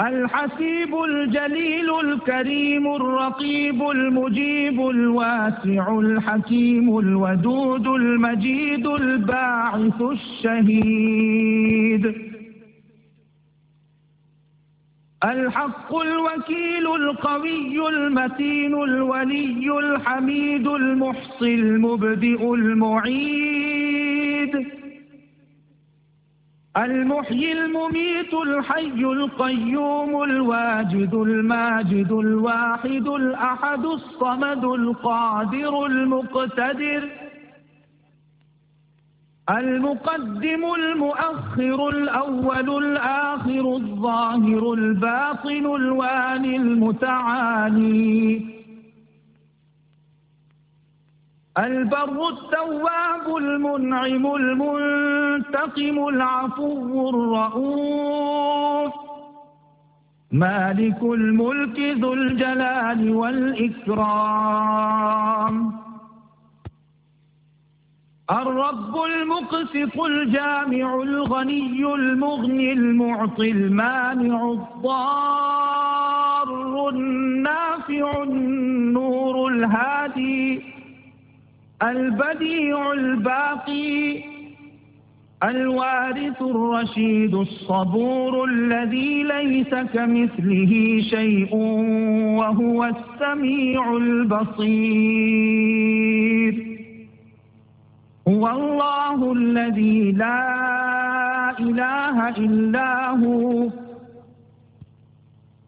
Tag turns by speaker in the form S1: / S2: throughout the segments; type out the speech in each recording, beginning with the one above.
S1: الحسيب الجليل الكريم الرقيب المجيب الواسع الحكيم الودود المجيد الباعث الشهيد الحق الوكيل القوي المتين الولي الحميد المحصي المبدئ المعيد المحيي المميت الحي القيوم الواجد الماجد الواحد الأحد الصمد القادر المقتدر المقدم المؤخر الأول الآخر الظاهر الباطن الواني المتعالي البر التواب المنعم المنتقم العفو الرؤوف مالك الملك ذو الجلال والإكرام الرب المقسط الجامع الغني المغني المعطي المانع الضار النافع النور الهادي البديع الباقي الوارث الرشيد الصبور الذي ليس كمثله شيء وهو السميع البصير هو الله الذي لا إله إلا هو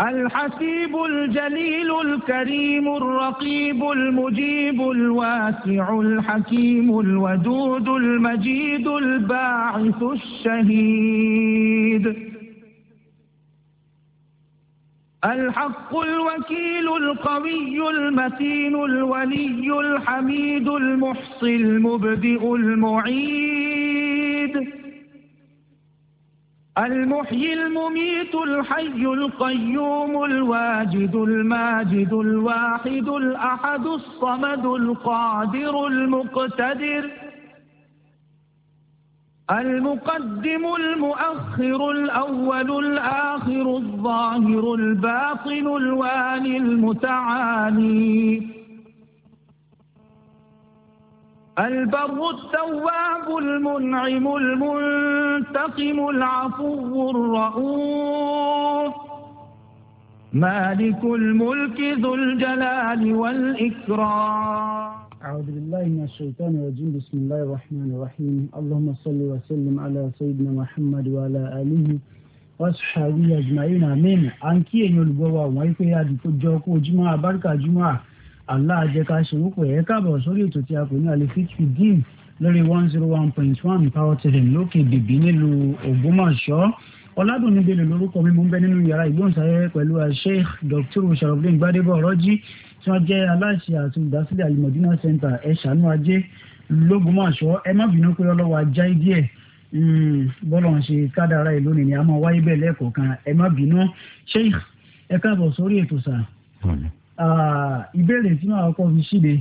S1: الحسيب الجليل الكريم الرقيب المجيب الواسع الحكيم الودود المجيد الباعث الشهيد الحق الوكيل القوي المتين الولي الحميد المحصي المبدئ المعيد المحيي المميت الحي القيوم الواجد الماجد الواحد الأحد الصمد القادر المقتدر المقدم المؤخر الأول الآخر الظاهر الباطن الوالي المتعالي البر التواب المنعم المنتقم العفو الرؤوف مالك الملك ذو الجلال والإكرام أعوذ بالله من الشيطان الرجيم بسم الله الرحمن
S2: الرحيم اللهم صل وسلم على سيدنا محمد وعلى آله وصحبه أجمعين آمين أنكي أن يلقوا wa wọ̀nyí pé àdìpọ̀ jọ kó jùmọ̀ allah ajẹ́ká ṣe wípé ẹ̀ káàbọ̀ sórí ètò tí a pè ní alifitri deal lórí one zero one point one power tẹ̀lẹ̀m lókè bèbí nílùú ògbómọ̀ṣọ́ ọ̀làdùnní bèlè lórúkọ mi mo ń bẹ nínú yàrá ìgbóhùnsáyẹ pẹ̀lú sheikh dr sharafdin gbadebo ọ̀rọ̀jì tí wọ́n jẹ́ aláṣẹ àti olùdásílẹ̀ alimọ̀dínà center ẹ̀ṣánú ajé lógbómọ̀ṣọ́ ẹ má bínú pé ọlọ́wọ́ ajá díẹ̀ hmm, bọ́lọ̀ ń ṣe kádàrá ìlú nìyí a máa wáyé bẹ́ẹ̀ lẹ́ẹ̀kọ̀ọ̀kan ẹ má bínú sheikh ẹ káàbọ̀ sórí ètò sáà. Ah, ìbéèrè tí màá kọ́ fi ṣíde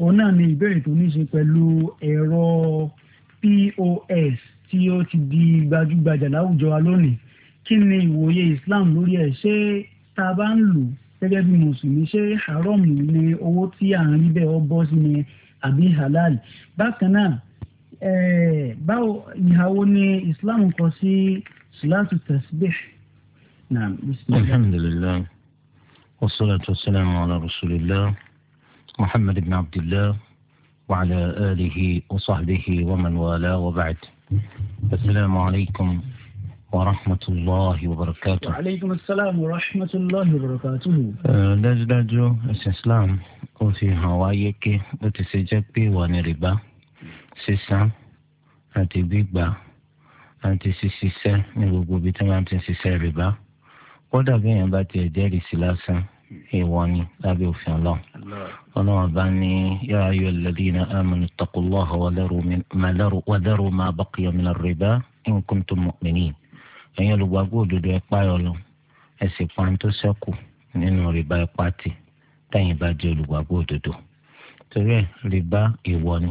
S2: òun náà ni ìbéèrè tó ní ṣe pẹ̀lú ẹ̀rọ POS tí ó ti di gbajúgbajà láwùjọ wa lónìí kí ni ìwòye Islam lórí ẹ̀ ṣé tá a bá ń lò gẹ́gẹ́ bí mùsùlùmí ṣé haram ni owó tí à ń rí bẹ́ẹ̀ ọ bọ́ sí ni àbí halal bákan náà eh, báwo ìhàwó ni Islam kọ sí sùlátù tasbih.
S3: naam alhamdulilayi. والصلاة والسلام على رسول الله محمد بن عبد الله وعلى آله وصحبه ومن والاه وبعد السلام عليكم ورحمة الله وبركاته
S2: وعليكم السلام ورحمة الله وبركاته
S3: آه، دجدجو الإسلام وفي هوايك وتسجبي ونربا سيسا أنت بيبا أنت سيسيسا نبقو بيتم أنت ربا ودابين باتي ديري سلاسا èèwọ̀ ni lábẹ́ òfin ọlọ́run ọlọ́run bá ní yā ayyuhalladhīna āmanū ittaqullāha wa dharū mā baqiya mina ribā in kuntum mu'minīn ẹ̀yin olùgbàgbọ́ òdodo ẹ páyọ̀ lọ ẹ sì pa ń tó ṣẹ́kù nínú rìbá ẹ pátì tẹ̀yin bá jẹ́ olùgbàgbọ́ òdodo torí ẹ̀ rìbá èèwọ̀ ni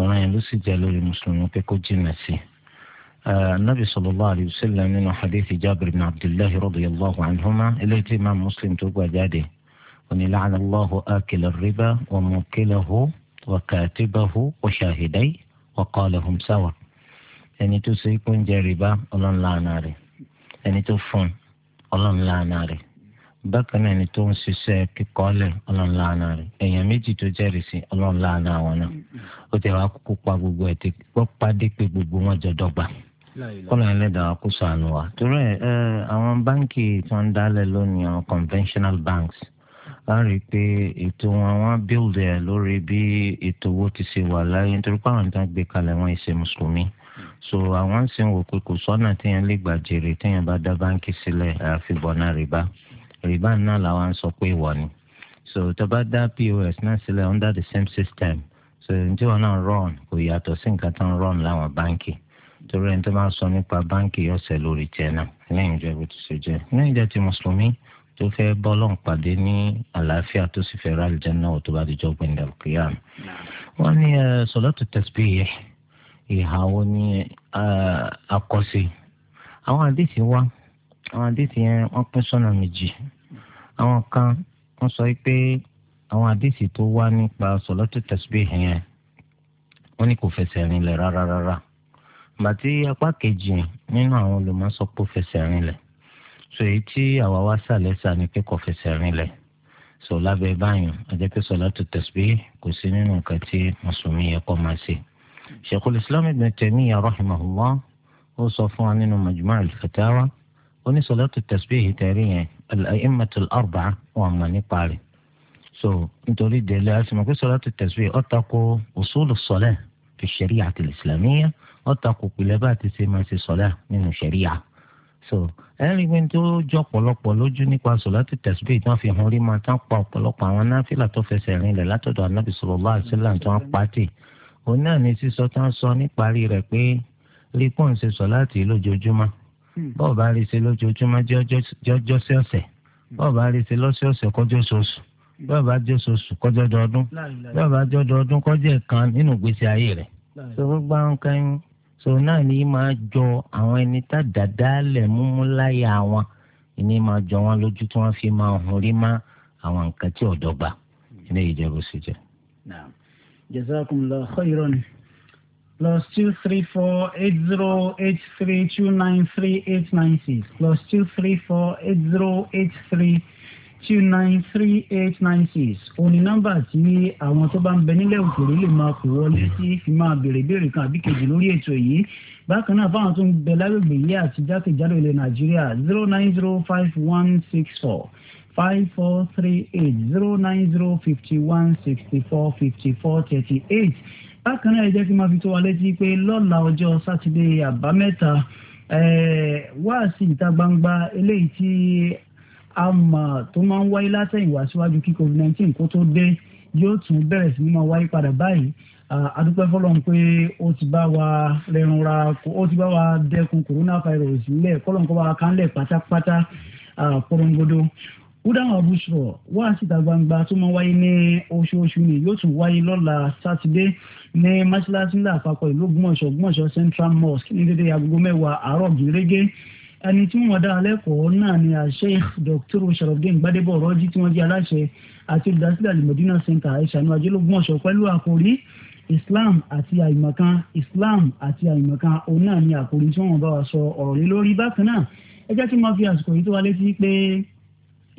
S3: ọ̀ràn yẹn ló sì jẹ́ lórí mùsùlùmí pé kó jìnnà sí i النبي صلى الله عليه وسلم من حديث جابر بن عبد الله رضي الله عنهما التي إمام مسلم توقع جاده وني لعن الله آكل الربا وموكله وكاتبه وشاهديه وقال هم سوا ẹni tó ṣe kó ń jẹ rìbá ọlọ́run làánà rẹ̀ ẹni tó fún ọlọ́run làánà rẹ̀ bákan náà ẹni tó ń ṣiṣẹ́ kíkọ́lẹ̀ ọlọ́run làánà rẹ̀ èèyàn méjì tó jẹ́rìí sí ọlọ́run làánà àwọn náà ó ti wá kópa gbogbo ẹ̀ tí wọ́n pàdé pé gbogbo wọn jọ dọ́gba kọ́lọ̀ ẹlẹ́dàá kó sànù wa torí ẹ àwọn báńkì tí wọ́n ń lónìí àwọn conventional banks a rí i pé ètò wọn wọn build ẹ lórí bí ètò owó ti ṣe wà láyé nítorí pé àwọn ìtàn gbé kalẹ̀ wọn ìṣe mùsùlùmí so àwọn ń sìn wò pé kò sọ́nà téèyàn lè gbà jèrè téèyàn bá dá báńkì sílẹ̀ àfi bọ̀nà rìbá rìbá náà làwọn sọ pé ìwọ ni so tó bá dá pos náà sílẹ̀ under the same system so ǹjẹ́ wọn náà run kò yàtọ̀ sí nǹkan tó ń run láwọn báńkì torí ẹni tó bá sọ nípa báǹkì ọ̀sẹ̀ lórí tiẹ̀ náà lẹ́yìn ìjọ bó ti ṣe jẹ́ lẹ́yìn ìjọ ti mùsùlùmí tó fẹ́ bọ́lọ́n pàdé ní àlàáfíà tó sì fẹ́ ra àlùjánnà tó bá di jọ́gbìn dàlùkìyà. wọ́n ní sọ̀látù tasbih ìhà wo ni àkọ́sí. àwọn àdìsí wa àwọn àdìsí yẹn wọ́n pín sọ́nà méjì. àwọn kan wọ́n sọ pé àwọn àdìsí tó wá nípa sọ̀látù tasbih yẹn wọ́n ní kò fẹsẹ̀ rinlẹ̀ rárá rárá. Rá gbàtí apá kejì nínú àwọn olùmọ̀sọ́pọ̀ fẹsẹ̀ rinlẹ̀ so èyí tí àwa wá sàlẹ̀ sà ní kíkọ́ fẹsẹ̀ rinlẹ̀ so lábẹ́ báyìí àjẹpẹ́ sọ̀látù tẹ̀sbí kò sí nínú nǹkan tí mùsùlùmí yẹ kó máa ṣe. Sheikhul Islam Ibn Taymiyyah rahimahullah ó sọ fún wa nínú Majmu' al-Fatawa ó ní sọ̀látù tẹ̀sbí yìí tẹ̀rí yẹn al-a'immatul arba'a mọ̀ nípa rẹ̀ so nítorí délé a sì mọ̀ pé sọ̀látù tẹ̀sbí ó tako usulus salah fi ṣẹ̀ríà àti ìsìlámíyà ọ̀tà kò pilẹ̀ من الشريعة. so ẹ̀rí pé tó jọ ọ̀pọ̀lọpọ̀ lójú nípa sọ̀lá ti tẹ̀síbẹ̀ tí wọ́n fi hàn rí máa tán pa ọ̀pọ̀lọpọ̀ àwọn náfìlà tó fẹsẹ̀ rinlẹ̀ látọ̀dọ̀ anábì sallallahu alaihi wasallam tó wọ́n pàtì. òun náà ni sísọ tán sọ níparí rẹ̀ pé rí pọ́n ṣe sọ̀lá tì í lójoojúmọ́ hmm. bọ́ọ̀ bá rí ṣe lójoojúmọ́ jọ́jọ́ sí ọ̀sẹ̀ hmm. bọ́ọ̀ bá rí ṣe lọ́sọ̀ọ̀sẹ̀ kọjọ́ sọ̀sù bọ́ọ̀ bá jọ́sọ̀ọ̀sù
S4: kọjọ́
S3: kọjọ́ ẹ̀kan sọ gbogbo àwọn kan yín sọ náà ni máa jọ àwọn ẹni tá dáadáa lẹ̀ múmú láyà wọn ìní máa jọ wọn lójú tí wọ́n fi máa hùn rí má àwọn nǹkan tí ọ̀dọ́ gbà ilé ìjọba sì jẹ.
S2: jazakumullahu khairan plus two three four eight zero eight three two nine three eight nine six plus two three four eight zero eight three two nine three eight nine six òun ni nọ́mbà tí àwọn tó bá ń bẹ nílẹ̀ òkèèrè lè máa kó wọlé sí fi máa béèrè béèrè kan àbí kejì lórí ètò yìí bákan náà fáwọn tó ń bẹ lágbègbè yìí àti jákèjádò ilẹ̀ nàìjíríà zero nine zero five one six four five four three eight zero nine zero fifty one sixty four fifty four thirty eight bákan náà ẹ jẹ́ kí n máa fi tó wa létí pé lọ́la ọjọ́ sátidé àbámẹ́ta wáàsí ìta gbangba eléyìí tí àmọ́ tó máa ń wáyé látẹ̀yìnwá síwájú kí covid nineteen kó tó dé yóò tún bẹ̀rẹ̀ sí ní máa wáyé padà báyìí adúpẹ́ fọlọ́n pé ó ti bá wa rẹrun ra ó ti bá wa dẹ́kun coronavirus nílẹ̀ kọ́lọ́n kó bá wa kánlẹ̀ pátápátá pọ́nrọ́ngodo húdáhùn abúṣọ wá síta gbangba tó máa wáyé ní oṣooṣù ni yóò tún wáyé lọ́la sátidé ní mọ́ṣáláṣí ńlá àpapọ̀ ìlú Ògbómọ̀ṣọ́ Ògbómọ̀ṣọ́ Central Mosque ní dédé agogo mẹ́wàá àárọ̀ gírégé ẹni tí wọ́n dá lẹ́kọ̀ọ́ náà ni Sheikh Dr. Sharafdin Gbadebo Rọ́jí tí wọ́n jẹ́ aláṣẹ àti olùdásílẹ̀ alimọ̀dínà center aishanu ajẹ́lógúnmọ̀ṣọ́ pẹ̀lú àkòrí Islam àti àìmọ̀kan Islam àti àìmọ̀kan òun náà ni àkòrí tí wọ́n bá wa sọ ọ̀rọ̀ lé lórí bákan náà ẹ jẹ́ kí fi àsìkò yìí tó wa létí pé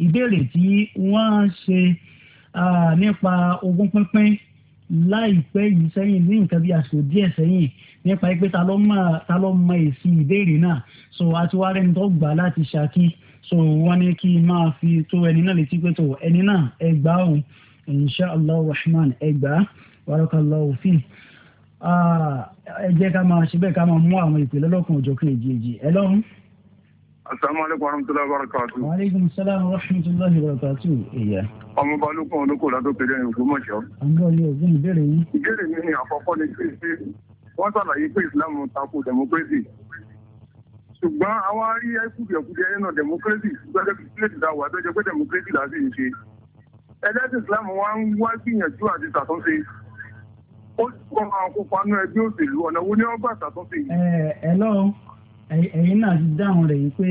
S2: ìbéèrè tí wọ́n ṣe nípa ogún pínpín láìpẹ́ yìí sẹ́yìn ní nǹkan bí àsìkò díẹ̀ sẹ́yìn nípa pé ta ló mọ èsì ìbéèrè náà so àti wàá rẹni tó gbà láti ṣàkí so wọ́n ní kí n máa fi tó ẹni náà létí pé tó ẹni náà ẹ gbà òun insha allah rahman ẹ gbà warakallahu fi ah, ẹ jẹ́ ká máa ṣe bẹ́ẹ̀ ká máa mú àwọn ìpè lọ́lọ́kan òjọ̀kan èjì èjì ẹ lọ́rùn asalaamualeykum
S5: warahmatulahi wabarakatu. waaleykum salaam wa rahmatulahi wabarakatu. ìyá. ọmọ balùwẹ̀ olóko
S6: la tó péré ẹ̀yìn Ògbómọ̀ṣọ́.
S5: àgbọ̀ yóò gbé ìbéèrè yìí.
S6: ìbéèrè mi ni àkọ́kọ́ ni pé wọ́n ṣàlàyé pé ìsìlámù tako democracy. ṣùgbọ́n àwọn arí kùdìẹ̀kùdìẹ̀ nínú democracy gbẹ́dẹ́ bíléèdì ta wà tó jẹ́ pé democracy là á sì ń ṣe. ẹlẹ́sìn ìsìlámù wa ń wá gbìyànjú àti ṣàtúnṣe ó kọ́ àwọn akópa náà ẹgbẹ́ òṣèlú
S2: ọ̀nà wo ni wọ́n bá ṣàtúnṣe yìí. ẹ ẹ lọ́wọ́ ẹ̀yin náà ti dáhùn rẹ̀ yìí pé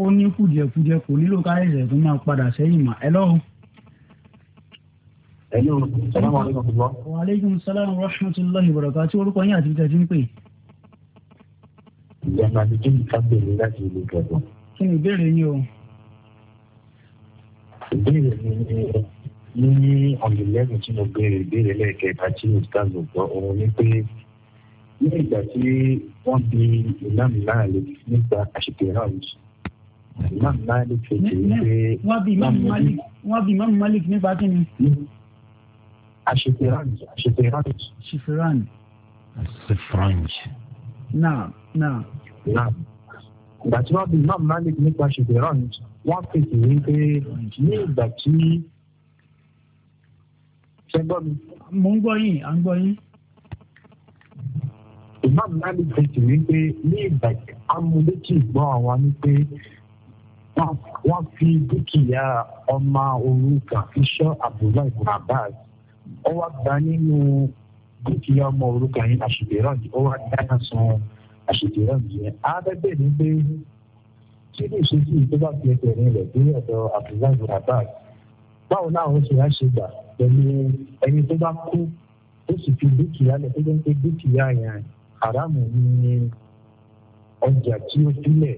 S2: ó ní kùdìẹ̀kudiẹ kò nílò káyọ̀sẹ̀ tó máa padà sẹ́yìn mọ́ ẹ lọ́wọ́.
S5: ẹ̀yin o sàlámù aleykum tó bọ́.
S2: wa aleykum salaam wa rahmatulahi wa barakatuh tí orúkọ yín àti ìtẹ̀sí ń pè.
S5: ìyànà ni kí ni ká bèrè láti ilé ìjọba.
S2: kí ni ìbéèrè yín o.
S5: ìbéèrè mi ní ọ̀nìlẹ́gùn tí mo béèrè ìbéèrè lẹ́ẹ̀kẹta tí mo ta lò ní ìgbà tí wọ́n bi Imam Malik nípa àṣìkè round
S2: Imam Malik fèjì wípé wọ́n bi Imam Malik nípa kí ni. àṣìkè round àṣìkè round. àṣìkè round. àṣìkè round. náà náà. náà ìgbà tí wọ́n bi
S5: Imam Malik nípa àṣìkè round wọ́n fèjì wípé ní ìgbà tí. ṣẹ́gbọ́n mi. mo ń gbọ́ yín à ń gbọ́ yín imam nali bẹ̀tì wípé ní ìbàjẹ́ amúlétì gbọ́ àwọn ni pé wọ́n fi dúkìá ọmọ òrukàn fi ṣọ́ abdullahi ibn abbas ó wá gba nínú dúkìá ọmọ òrukàn yẹn àṣìbẹ̀rọ̀dì ó wá dáná sun àṣìbẹ̀rọ̀dì yẹn abẹ́bẹ̀ ni pé kí ni ìṣesí ìjọba fi ẹsẹ̀ rìn rẹ̀ dé ọ̀dọ̀ abdullahi ibn abbas báwo náà ó ṣe wá ṣe gbà pẹ̀lú ẹni tó bá kú ó sì fi dúkìá lẹ̀ tó jẹ́ pé dúkìá yẹn haramu ni ọjà tí ó sílẹ̀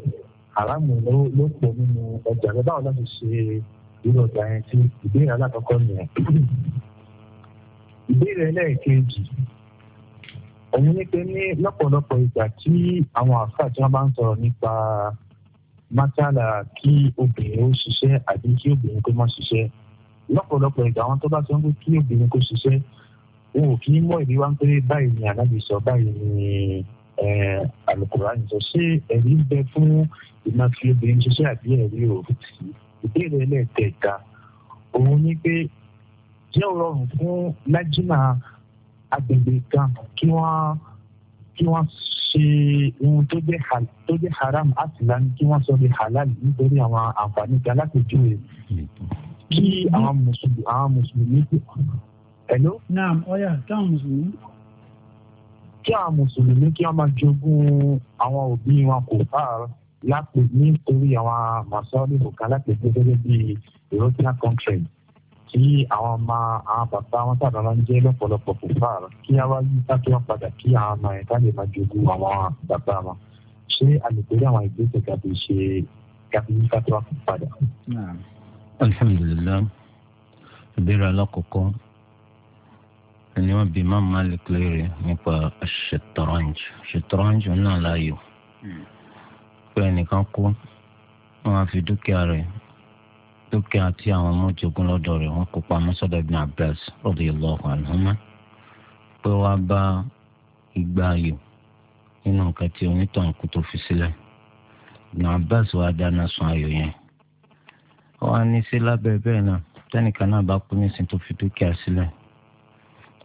S5: haramu ló pọ̀ nínú ọjà rẹ báwo láti ṣe irú ọjà yẹn sí ìbéèrè alákọ̀ọ́kọ́ nìyẹn. ìbéèrè ẹlẹ́ẹ̀kejì òun ní pé ní lọ́pọ̀lọpọ̀ ìgbà tí àwọn àfáà tí wọ́n bá ń sọ̀rọ̀ nípa mátàlá kí obìnrin ó ṣiṣẹ́ àbí kí obìnrin kó má ṣiṣẹ́ lọ́pọ̀lọpọ̀ ìgbà àwọn tó bá sọ pé kí obìnrin kó ṣiṣẹ́ wọn ò kì í mọ ìdí wa ń pé báyìí ni ànábì sọ báyìí ni alukurani sọ ṣé ẹ̀rí ń bẹ fún ìmáfi obìnrin ṣiṣẹ́ àbí ẹ̀rí ò sí ìbéèrè ẹlẹ́ẹ̀kẹta òun ni pé jẹ́ ò rọrùn fún lájínà agbègbè kan kí wọ́n kí wọ́n ṣe ohun tó jẹ́ haram asilan kí wọ́n sọ di halal nítorí àwọn àǹfààní kan láti júwe hmm.
S1: kí àwọn
S5: mùsùlùmí Hello? Naam, ọ̀yà táwọn mùsùlùmí. Kí àwọn mùsùlùmí kí wọ́n máa jogún àwọn òbí wọn kò fáàrọ̀ lápò nítorí àwọn màsọ́ọ̀lì òkà láti gbé gẹ́gẹ́ bí European country tí àwọn ọmọ àwọn bàbá wọn sábà máa ń jẹ́ lọ́pọ̀lọpọ̀ kò fáàrọ̀ kí wọ́n wá yí sáké wọn padà kí àwọn ọmọ ẹ̀ká lè máa jogún àwọn bàbá wọn. Ṣé a lè torí àwọn ìgbésẹ̀ kàbí ṣe
S3: kàbí yí sáké wọn padà? Alhamdulillah, ìbéèrè alákọ̀ọ́kọ́ ni wọ́n bí Imam Malik léèrè nípa ṣètọ́rọ́njì ṣètọ́rọ́njì náà láàyò hmm. pé ẹnìkan kú wọ́n á fi dúkìá rẹ̀ dúkìá tí àwọn ọmọ jogún lọ́dọ̀ rẹ̀ wọ́n kó pamọ́ sọ́dọ̀ Ibn Abbas radiyallahu anhuma pé wọ́n á bá igba ayò nínú nǹkan tí onítàn kú tó fi sílẹ̀ Ibn Abbas wàá dáná sun ayò yẹn wọ́n á ní sí lábẹ́ bẹ́ẹ̀ náà tẹ́nìkan náà bá kú nísìnyí tó fi dúkìá sílẹ̀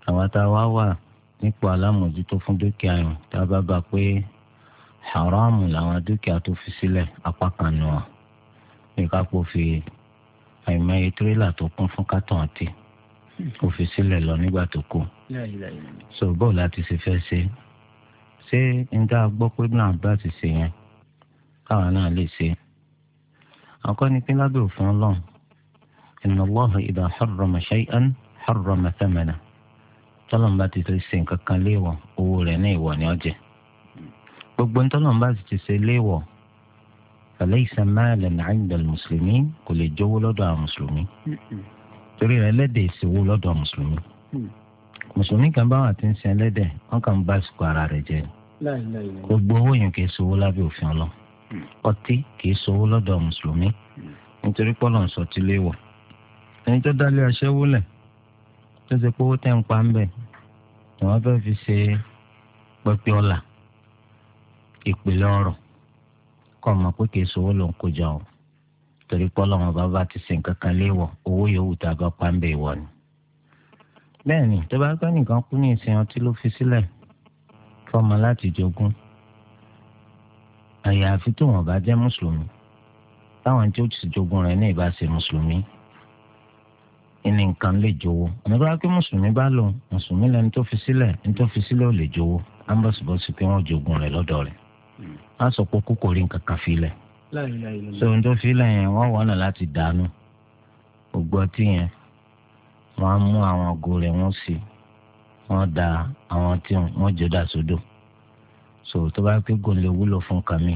S3: àwa tá a wá wà nípò alámòjútó fún dúkìá yẹn tá a bá bá pé haramu làwọn dúkìá tó fi sílẹ̀ apá kan nù wọn ní kápò fi àìmọye tírélà tó kún fún kátàn àti kò fi sílẹ̀ lọ nígbà tó kù so bọ́ọ̀lù àti ṣe fẹ́ ṣe ṣé n dá a gbọ́ pé náà bá ti ṣe yẹn káwọn náà lè ṣe àkọ́ ni pé lábẹ́ òfin ọlọ́run inna Allaha idha harrama shay'an harrama thamanahu tọ́lọ́mùbá ti ṣe nǹkan kan léèwọ̀ owó rẹ̀ ní ìwọ̀ ni ó jẹ gbogbo ntọ́lọ́mùbá sì ti ṣe léèwọ̀ falaysa malan 'inda al-muslimin kò lè jówó lọ́dọ̀ àwọn mùsùlùmí torí rẹ̀ ẹlẹ́dẹ̀ ìṣòwò lọ́dọ̀ mùsùlùmí mùsùlùmí kan báwọn àti ń sin ẹlẹ́dẹ̀ wọn kàn ń bá sùkọ ara rẹ̀ jẹ gbogbo owó yẹn kì í ṣòwò lábẹ́ òfin ọlọ́ ọtí kì ṣòwò lọ́dọ̀ mùsùlùmí nítorí pọ́lọ́ ń sọ tí léèwọ̀ ẹni tó dálé aṣẹ́wó lẹ̀ tó ṣe pé owó tẹ̀ ń pa ń bẹ̀ ni wọ́n fẹ́ẹ́ fi ṣe pẹpẹ ọlà ìpìlẹ̀ ọ̀rọ̀ kọ́ ọmọ pé kìí sọ owó ló ń kójọ o torí pé ọlọ́run bàbá ti ṣe nǹkan kan léèwọ̀ owó yòówù tá a bá pa ń bẹ̀ ìwọ ni. bẹ́ẹ̀ ni tó bá gbọ́ nìkan kú ní ìsìn ọtí ló fi sílẹ̀ fọmọ láti jogún àyàfi tó wọn bá jẹ́ mùsùlùmí táwọn tí ó ti jogún rẹ̀ ní ìbá ìní nǹkan lè jowó àmọ́ tó bá pé mùsùlùmí bá lò mùsùlùmí lẹni tó fi sílẹ̀ ní tó fi sílẹ̀ ò lè jowó á ń bọ̀sibọ̀sí pé wọ́n jogun rẹ̀ lọ́dọ̀ rẹ̀ á hmm. sọ pé kókò rí nǹkan kan filẹ̀ so ní tó filẹ̀ yẹn wọ́n wọ́n náà láti dànù gbogbo ọtí yẹn wọ́n á mú àwọn ọgọ rẹ̀ wọ́n sí wọ́n da àwọn ọtí wọ́n jò dà sódò so tó bá pé gò lè wúlò fún kàmí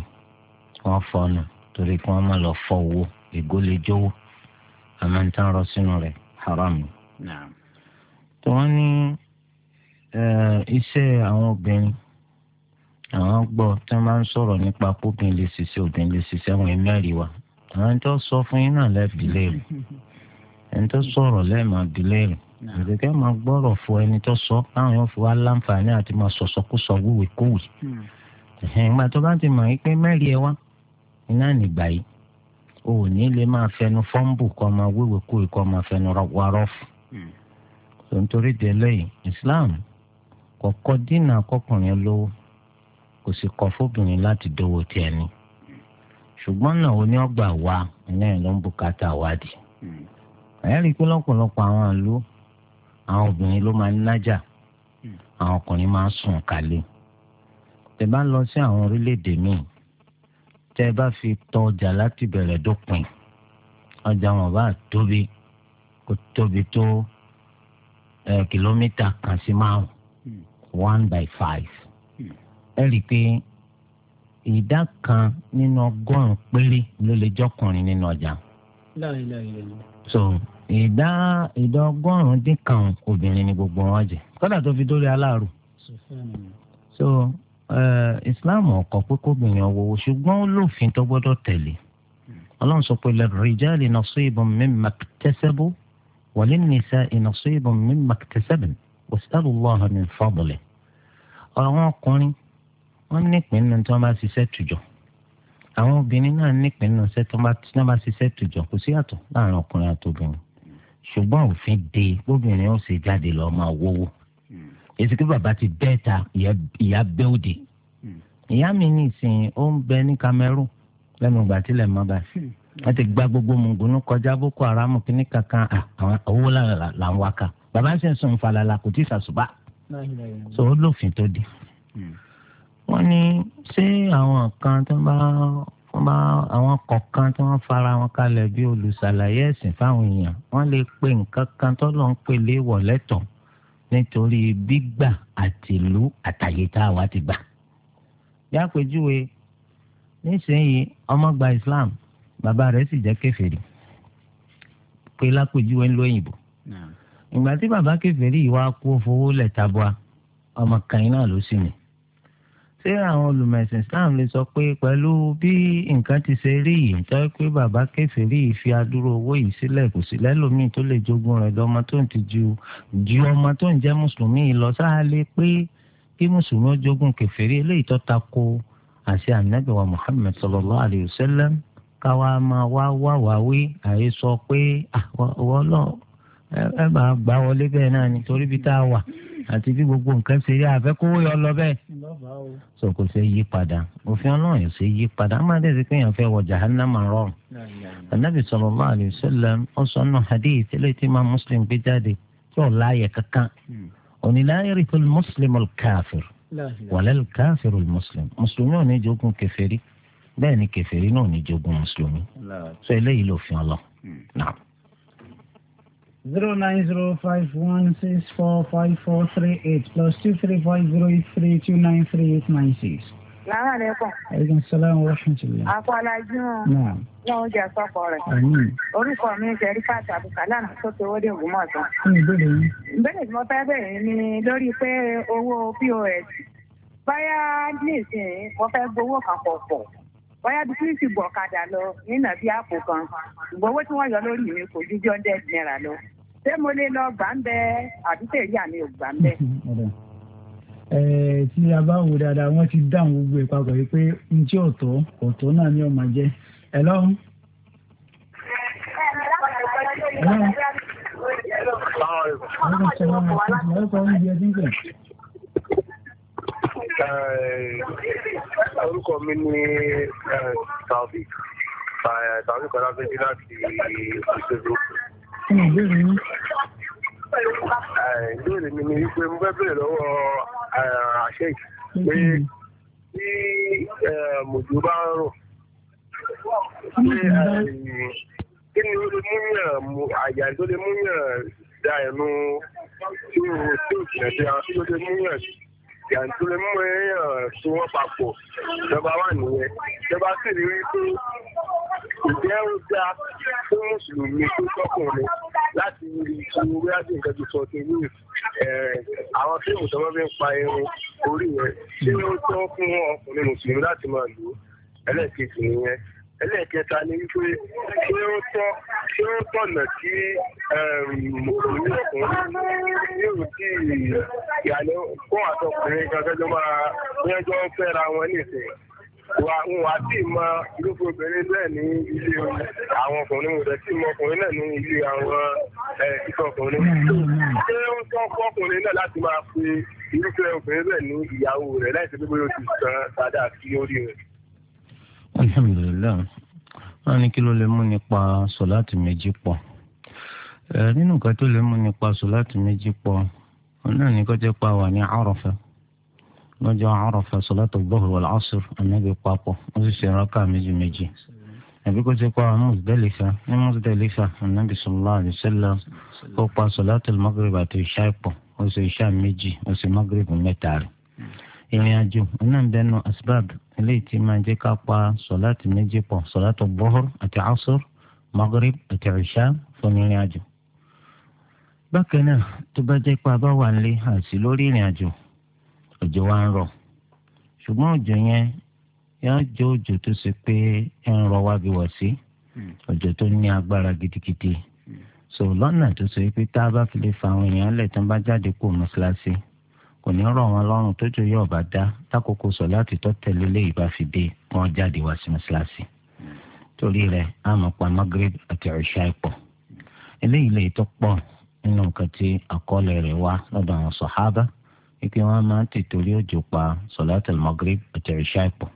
S3: wọ́n fọ́nù torí kí wọ́n má lọ fọ́ owó ìgò lè jówó àmọ́ ní tán rọ sínú rẹ̀ haram tí wọ́n ní iṣẹ́ àwọn obìnrin àwọn gbọ́ tí wọ́n máa ń sọ̀rọ̀ nípa pópin lè ṣiṣẹ́ obìnrin lè ṣiṣẹ́ àwọn ẹ̀mẹ́rì wa àwọn tó sọ fún yín náà lẹ́ẹ̀bí léèrè ẹni tó sọ̀rọ̀ lẹ́ẹ̀mọ́ bí léèrè ìrèké máa gbọ́rọ̀ fún ẹni tó sọ káwọn yóò fi wá láǹfààní àti máa sọ̀sọ̀kúsọ wíwèé kówì hmm. ìgbà tó bá ti mọ̀ wípé mẹ́rin ẹ wá iná nìgbà yìí o ò ní lè máa fẹnu fọ́ǹbù kọ́ máa wéwèé kó ikọ́ máa fẹnu warọ́ fún. Hmm. nítorí délé Islam kọ̀kọ́ dínà kọkùnrin lówó kò sì kọ̀ fóbìnrin láti dówó tiẹ̀ ni. ṣùgbọ́n náà o ní ọgbà wa ẹlẹ́yìn ló ń bùkátà wádìí. àyàrí hmm. pé lọ́pọ̀lọpọ̀ àwọn àlú àwọn obìnrin ló máa ń nájà hmm. àwọn ọkùnrin máa ń sùn kálé. tẹ́ lọ sí àwọn orílẹ̀-èdè míì tẹ́ ẹ bá fi tọ ọjà láti bẹ̀rẹ̀ dópin ọjà wọn bá tóbi kó tóbi tó kìlómítà kan sí márùn hmm. one by five hmm. ẹ rí i pé ìdá kan nínú ọgọ́rùn-ún péré ló lè jọkùnrin nínú ọjà. so ìdá ìdá ọgọ́rùn-ún dín kan obìnrin ni gbogbo wọn jẹ kódà tó fi dórí aláàrù. so Eh, islam ọkọ pé kóbìnrin ọwọ́wọ́ ṣùgbọ́n ó lófin tó gbọ́dọ̀ tẹ̀lé ọlọ́run sọ pé lirrijali nasibun mimma iktasabu wa linnisa'i nasibun mimma iktasabna was'alullaha min fadlihi àwọn ọkùnrin wọ́n nípìn nínú tí wọ́n bá ṣiṣẹ́ tùjọ àwọn obìnrin náà nípìn nínú tí wọ́n bá ṣiṣẹ́ tùjọ kò sí yàtọ̀ láàrin ọkùnrin àtobìnrin ṣùgbọ́n òfin de obìnrin ó ṣe jáde lọ́ọ́ máa wówó èsì pé bàbá ti bẹ́ẹ̀ ta ìyá bẹ́ẹ̀ òde hmm. ìyá mi ní ìsìn ó ń bẹ ní Cameroon lẹ́nu ìgbà tí ilẹ̀ mọ́ báyìí hmm. wọ́n ti gba gbogbo mùgúnú kọjá boko haram kìíní kankan ah, owó là ń wá ká bàbá sì ń sùn falala kò tí ì sàṣùbà so ó lófin tó di. Hmm. wọ́n ní ṣé àwọn kan tó bá wọ́n bá àwọn kọ̀ọ̀kan tí wọ́n fara wọn kalẹ̀ bí olùṣàlàyé ẹ̀sìn fáwọn èèyàn wọ́n lè pe nǹkan kan tó lọ́n pè léwọ̀ lẹ́tọ̀ọ́ nítorí gbígbà àtìlú àtàyè tá a wá ti gbà. bí àpèjúwe nísìnyí ọmọ gba islam bàbá rẹ̀ sì jẹ́ kèfèrí pé lápèjúwe ń lo òyìnbó. ìgbà tí bàbá kèfèrí yìí wá kú fowó lẹ̀ tabua ọmọ kan náà ló sì ní ṣé àwọn olùmẹ̀sìn Islam lè sọ pé pẹ̀lú bí nǹkan ti ṣe rí yìí tó pé bàbá kèfèrí yìí fi adúrò owó yìí sílẹ̀ kò sí lẹ́lòmíì tó lè jogún rẹ̀ lọ́mọ tó ń ti ju ju ọmọ tó ń jẹ́ mùsùlùmí lọ sáálé pé kí mùsùlùmí ó jogún kèfèrí eléyìí tó ta ko àṣẹ ànábì wa Muhammad sallallahu wa sallam káwa máa wá wá wá wí àyè sọ pé àwọn ah, ọlọ́ọ̀ ẹ bá gbá wọlé bẹ́ẹ̀ náà nítorí bí tá a wà àti bí gbogbo nǹkan ṣe rí àfẹ́ kówó yọ lọ bẹ́ẹ̀. sọ kò ṣe yí padà òfin ọlọ́run yóò ṣe yí padà á máa dẹ́sẹ̀ pé èèyàn fẹ́ wọ jahannama rọrùn. anabi sallallahu alaihi wasallam ó sọ nù hadith eléyìí tí máa muslim gbé jáde tí ò láàyè kankan. òní láyé rí fún muslim káfíìr wàlẹ́ káfíìr muslim mùsùlùmí ò ní jogun kèfèrí bẹ́ẹ̀ ni kèfèrí náà ò ní jogun mùsùlùmí. sọ eléyìí lòfin
S2: ọlọ́run zero nine zero five one six four five four three eight plus two three five zero eight three two nine three eight nine six.
S1: Lára rẹ̀ kọ̀.
S2: Ẹ̀gbọ́n Sọláhùn Washington.
S1: Akọ́lájú
S2: náà. Náà oúnjẹ sọ́kọ rẹ̀. Àmín. Orúkọ mi Jẹ̀ríkà Tàbùkálà náà tó ti wọlé Ògbómọ̀tán.
S4: Kí ni ìbéèrè yín?
S2: Ìbéèrè tí mo fẹ́ bẹ̀rẹ̀ ni lórí pé owó POS.
S7: Báyá nísìnyí, mo fẹ́ gbowó kan pọ̀ pọ̀ bóyá bisimilisi bọ̀ kadà
S2: lọ nínà bí àpò kan ìgbowó tí wọ́n yọ lórí mi kò ju ṣé mo lè lọ gbà ń bẹ àbí tẹ̀lé àmì ò gbà ń bẹ. tí a bá wò dáadáa wọ́n ti dáhùn gbogbo ẹ̀ papọ̀ yìí pé n tí ọ̀tọ̀ ọ̀tọ̀ náà ni ọmọ jẹ́ ẹ lọ́hùn.
S6: Orúkọ mi ni Taofik, Taofik Ọlábẹ́jì láti Ìṣèlú
S5: kí ni ìbéèrè yín.
S6: ìbéèrè mi ni wípé mo fẹ́ bèrè lọ́wọ́ àṣẹ́yìn mm-hmm. pé tí mòjò bá ń rọ̀ kí ni ó lè mú yàn àyà tó lè mú yàn da ẹnu tí o tí o jìnà sí àwọn tí lè mú yàn yàn tó lè mú yàn so wọ́n papọ̀ ìjọba wà nìyẹn ìjọba sì rí wípé. Ǹjẹ́ ó dá fún Mùsùlùmí tó tọkùnrin láti ju wíwájú nǹkan ju fourteen years? Àwọn fíìmù tó máa fi ń pa irun orí yẹn ṣé ó tọ́ fún ọkùnrin Mùsùlùmí láti máa lò ó? Ẹlẹ́ẹ̀kejì nìyẹn. Ẹlẹ́ẹ̀kẹta ni wípé ṣé ó tọ́ ṣé ó tọ̀nà sí Mùsùlùmí ọkùnrin yóò tí ìyàlẹ́ fún àtọkùnrin kankan tó máa ń fẹ́ra wọn nísìnyí wa n wà tí mọ irúfẹ́ obìnrin bẹ́ẹ̀ ní ilé àwọn ọkùnrin mo dẹ̀ tí mọ ọkùnrin náà ní ilé àwọn ìfẹ́ ọkùnrin. ṣé ó ń tọ́ fún ọkùnrin náà láti máa pe irúfẹ́ obìnrin bẹ́ẹ̀ ní ìyàwó rẹ̀ láì sẹ́gbẹ́ bóyá o ti san padà sí orí rẹ̀.
S3: alhamdulilayi wọn ní kí ló lè mú nípa sọláàtì méjì pọ̀ nínú nǹkan tó lè mú nípa sọláàtì méjì pọ̀ náà ní kọjá pa wà ní àròfẹ́ lọ́jọ́ àròfẹ́ sọ̀látò gbọ́hùn wọlé àṣùr ànábì papọ̀ ó sì ṣe ìrọ́kà méjì méjì ẹ̀bí kó ṣe pa ọ̀nà Muzdalifa ní Muzdalifa ànábì sallallahu alaihi wasallam ó pa sọ̀látò magreb àti ìṣá ìpọ̀ ó sì ìṣá méjì ó sì magreb mẹ́ta rẹ̀ ìrìn àjò náà bẹnu asbab eléyìí tí máa jẹ́ ká pa sọ̀látò méjì pọ̀ sọ̀látò gbọ́hùr àti àti ìṣá fún àti lórí òjò wa ń rọ̀ ṣùgbọ́n òjò yẹn yóò jẹ́ òjò tó ṣe pé ẹ ń rọ̀ wá bí wọ̀ sí hmm. òjò tó ní agbára gidigidi hmm. so lọ́nà tó ṣe pé tá a bá fi lè fa àwọn èèyàn lẹ̀ tó ń bá jáde kó mọ́ṣáláṣí kò ní rọ̀ wọ́n lọ́rùn tójú yóò bá dá lákòókò sọ láti tọ́ tẹ̀lé léyìí bá fi dé wọ́n jáde wá sí mọ́ṣáláṣí torí rẹ̀ àmọ́ pa magreb àti ọ̀ṣà ìpọ̀ hmm. eléyìí lè tó pọ̀ nínú nǹkan tí àkọọ́lẹ̀ rẹ̀ wá lọ́dọ̀ àwọn sọ̀hábà wípé wọ́n máa ń tètè orí òjò pa sọ̀láàtì magrib àti ìṣá ìpọ̀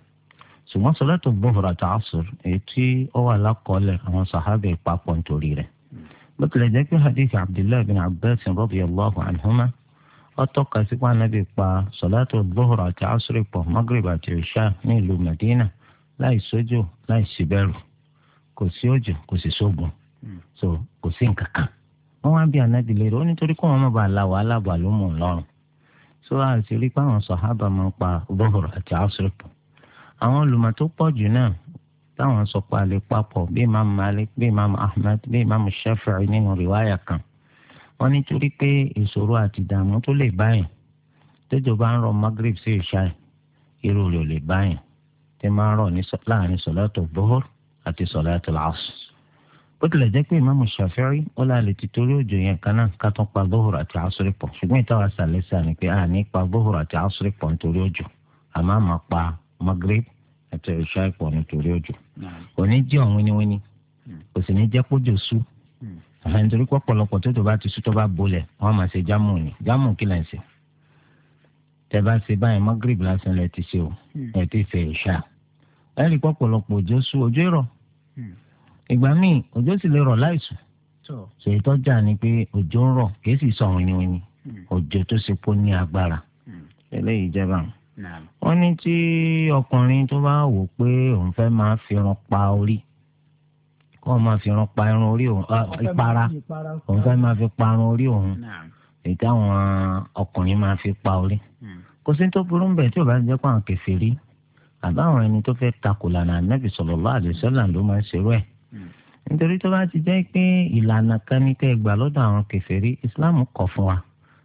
S3: ṣùgbọ́n sọ̀láàtì bọ́ọ̀rọ̀ àti asùr èyí tí ó wà lákọọ́lẹ̀ àwọn sàhábà ìpapọ̀ nítorí rẹ̀ bó tilẹ̀ jẹ́ pé hadith abdullahi bin abbas radiyallahu anhuma ó tọ́ka sí pé anabi pa sọ̀láàtì bọ́ọ̀rọ̀ àti asùr ìpọ̀ magrib àti ìṣá ní ìlú medina láì sójò láì síbẹ̀rù kò sí òjò kò sí sógun kò sí nǹkan kan wá bí anabi lérò ó nítorí kó wọn má bàa so àti rí pàwọn sọ̀hábà máa ń pa bọ́ọ̀rù àti àṣírìkù àwọn olùmọ̀ tó pọ̀ jù náà táwọn sọ pé alẹ́ papọ̀ bí imam malik bí imam ahmed bí imam shafi'i nínú rìwáyà kan wọ́n nítorí pé ìṣòro àti ìdààmú tó lè báyìí tẹ́jọ́ bá ń rọ magrib sí ìṣáì irú rẹ̀ ò lè báyìí tẹ́ máa ń rọ láàrin sọ̀látò bọ́ọ̀rù àti sọ̀látò làásù ó tilẹ̀ jẹ́ pé ìmáàmù Ṣàfi'í ó la lè ti torí òjò yẹn kan náà ká tún pa gbóhùrù àti àṣírí pọ̀ ṣùgbọ́n ìtawà sàlẹ̀ sà ni pé a ní pa gbóhùrù àti àṣírí pọ̀ nítorí òjò àmọ́ àmọ́ pa magrib àti ìṣá ìpọ̀ nítorí òjò kò ní jẹ́ òun wíníwíní hmm. kò sì ní jẹ́ kójò sú hmm. àfẹn torí pọ̀pọ̀lọpọ̀ tó tó bá ti sú tó bá bolẹ̀ wọ́n máa ṣe jámù ni jámù kí lẹ́ ń hmm. pọ̀pọ̀lọpọ̀ òjò sú òjò ìrọ̀ ìgbà míì òjò sì lè rọ̀ láìsùn ṣèyí tọ́jà ni pé òjò ń rọ̀ kìí sì sọ wìnyín wìnyín hmm. òjò tó ṣe pọ̀ ní agbára hmm. eléyìí jẹba wọn ní tí ọkùnrin tó bá wò pé òun fẹ́ máa fi irun pa orí kó o máa fi irun pa irun orí òun ìpara òun fẹ́ máa fi pa irun orí òun èyí táwọn ọkùnrin máa fi pa orí hmm. kò sí tó burú bẹ́ẹ̀ tí ò bá jẹ́ pé àwọn kèfèrí àbáwọn ẹni tó fẹ́ takò lànà ànábì sallallahu alaihi wasallam ló máa ń ṣerú ẹ̀ nítorí tó bá ti jẹ́ pé ìlànà kan ní tẹ́ gbà lọ́dọ̀ àwọn kèfèrí islam kọ̀ fún wa